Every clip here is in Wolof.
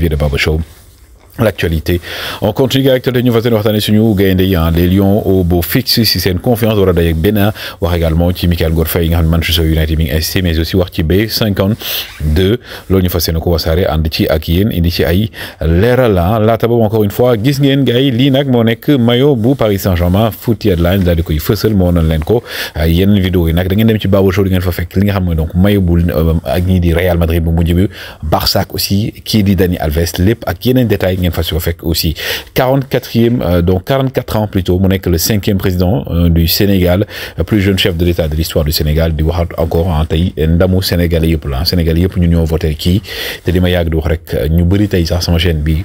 give you the bubble barbershop L'actualité. On continue avec le nouveau waxtaanee suñu gaynde yi les Lions au beau fixe si une confiance war a dajeek Bénin wax également ci Michael Gorfey, nga Manchester United mais aussi wax ci B52 loolu ñu fas yéene ko wasaare ànd ci ak yéen indi ci ay leeral laata encore une fois gis ngeen gars li lii nag moo nekk Paris Saint-Germain footy deadline daal di koy fësal moo noonu leen ko yenn vidéo yi nag da ngeen dem ci Babo Show di ngeen fa fekk li nga xam donc Mayo Bou, euh, ak ñii di Real Madrid bu mujj Barça aussi qui di Dani Alves lépp ak un détail ngeen fas yoo aussi 44e euh, donc 44 ans plutôt est que le cinquième président euh, du Sénégal euh, plus jeune chef de l'État de l'histoire du Sénégal di waxaat encore en hein, tey ndamu sénégalais pour la sénégalais pour ñu ñoo qui? kii te li ma yàgg di rek ñu sax sama chaîne bi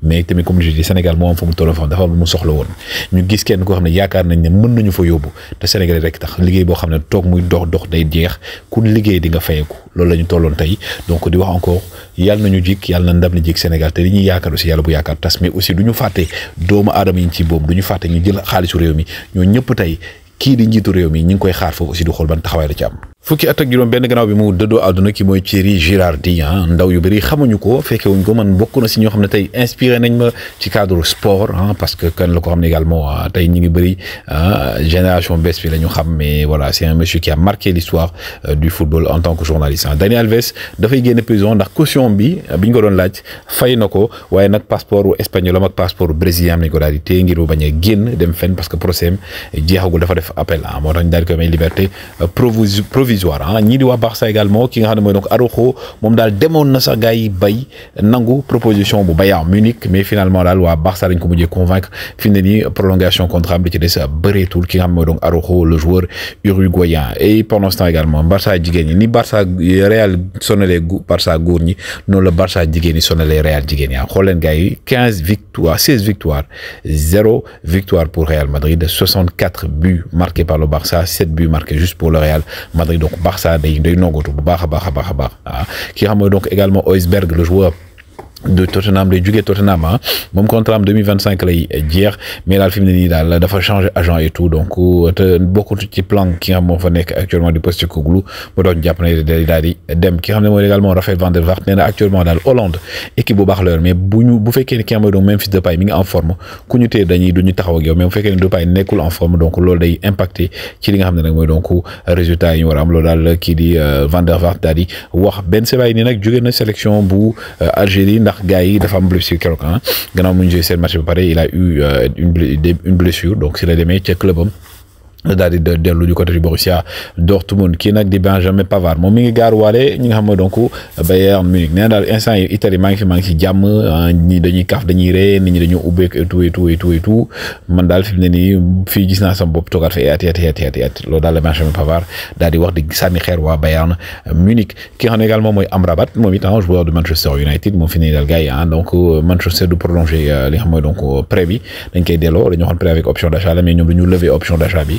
mais tamit comme je dis Sénégal moo am fa mu tolloon fa dafa am mu soxla woon ñu gis kenn koo xam ne yaakaar nañ ne mën nañu fa yóbbu te Sénégal rek tax liggéey boo xam ne toog muy dox dox day jeex ku liggéey di nga fayeku loolu la ñu tolloon tey donc di wax encore yàlla nañu jik yàlla na ndam li jik Sénégal te li ñuy yaakaar aussi yàlla bu yaakaar tas mais aussi du ñu fàtte doomu aadama yi ci boobu du ñu fàtte ñu jël xaalisu réew mi ñoo ñëpp tey kii di njiitu réew mi ñu ngi koy xaar foofu aussi di ban taxawaay am fukki at ak juróom benn gannaaw bi mu dëddoo àdduna ki mooy Thierry Girardi ah ndaw yu bëri xamuñu ko fekke wuñ ko man bokk na si ñoo xam ne tey inspiré nañ ma ci cadre sport ah parce que kan la ko xam ne également ah, tey ñu ngi bëri ah, génération bees bi la ñu xam mais voilà c'est un monsieur qui a marqué l'histoire euh, du football en tant que journaliste ah daniel Alves dafay génn prison ndax caution bi biñ ko doon laaj fay na ko waaye nag passeport espagnol am ak passeport brésilien am nañ ko daal di téye ngir bu bañ a génn dem fenn parce que procès am jeexagul dafa def appel ah moo tax ñu daal di koy may liberté euh, provisoire provisoire hein ñii di wa Barça également ki nga xam moy donc Araujo mom dal de na sax gaay yi bay nangu proposition bu Bayern Munich mais finalement dal wa Barça dañ ko convaincre fi ni prolongation contrat de di ci des euh, bëreetul ki nga xam moy donc Araujo le joueur uruguayen et pendant ce temps également Barça a gagné ni Barça Real sonalee Barça góor ñi non le Barça jigéen ñi Real jigéen gagné xool leen 15 victoires 16 victoires 0 victoire pour Real Madrid 64 buts marqués par le Barça 7 buts marqués juste pour le Real Madrid donc Barça day day nogotu bu baax a baax a baax a ah ki xam donc également Oisberg le joueur de Tottenham les jugee Tottenham ah moom contrat en 2025 là hier mais daal film mu ne nii daal dafa changer agent et tout donc beaucoup de ci plan qui nga fait moo actuellement du poste de doon pour donc japonais daal dali dem qui a xam ne également Raphaël van der Vaart nee actuellement dans Hollande équipe bu baax mais bu ñu bu fekkee ne ki même fils de Memphis en forme ku ñu téye dañuy du ñu taxaw ak yow mais bu fekkee ne Depay en forme donc loolu day impacté ci li nga donc ne donc résultat yi ñu aura a am qui dit euh, van der Vaart daal di wax Ben Sebaini n'est jugee na sélection bu euh, Algérie ndax gars yi dafa am blessure quelque ah gannaaw mu ñu seen match ba pare il a eu euh, une une blessure donc c'est la demee ca clubam daal di dellu ju côté du Borussia Dortmund ki nak di Benjamin Pavard mon mi ngi walé ñi nga xam donc Bayern Munich né na instant Italie maa ngi fi ngi si jàmm ah, ñi dañuy kaf dañuy ré nit ñi dañoo et tout et tout et tout et tout man dal fi ni ne nii fii gis naa sama bopp toogaat fi at at le Benjamin Pavard daal di wax di sànni xeer wa Bayern Munich ki en également moy Amrabat mo mi tan ah, joueur de Manchester United mon fini dal gay ah, donc euh, Manchester du prolonger euh, li nga xam mooy donc euh, prêt bi dañ koy délo dañu prêt avec option d'achat mais ñom dañu lever option d'achat bi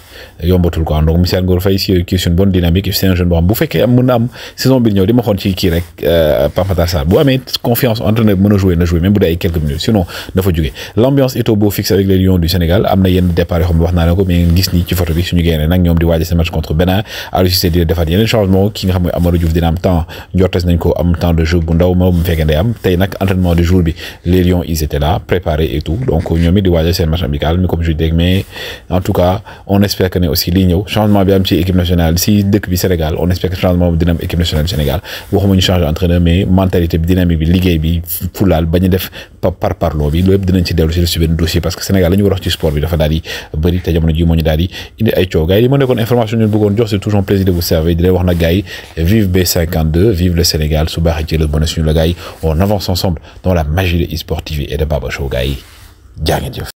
yombatul ko donc Michel Ngor Faye c'est une bonne dynamique et c'est un jeune bon. xam bu fekkee mën am saison bi ñëw di ma xoon ci ki rek euh, Pape Matar bu amé confiance entraîneur mën jouer na jouer même bu dee quelques minutes sinon na fa jógee l'ambiance est au beau fixe avec les Lions du Sénégal amna yenn départ yoo wax naa la ko mais gis ni ci photo bi suñu génnee nak ñom di wajé ce match contre Bénin Aliou Cissé di defaat yenn changement ki nga xam ne Amadou Diouf dina am temps njortes nañ ko am temps de jeu bu ndaw ma bu fekkee day am tay nak entraînement du jour bi les Lions ils étaient là préparés et tout donc ñom di wajé ce match amical mais comme je dis mais en tout cas on espère que aussi li ñëw changement bi am ci équipe nationale si dëkk bi Sénégal on espère que changement bi dina am équipe nationale Sénégal waxuma ñu changer entraîneur mais mentalité bi dynamique bi liggéey bi fulaal bañu def par parloo bi loolu yëpp dinañ ci dellu de suivre benn dossier parce que Sénégal lañu de wax ci sport bi dafa daal di bëri te jamono ji moo ñu daal di indi ay gars yi information ñu bëggoon jox c'est toujours un plaisir de vous servir di leen wax na vive B52 vive le Sénégal su le ci le mën la gars on avance ensemble dans la magie de eSport TV et de Baba Show gars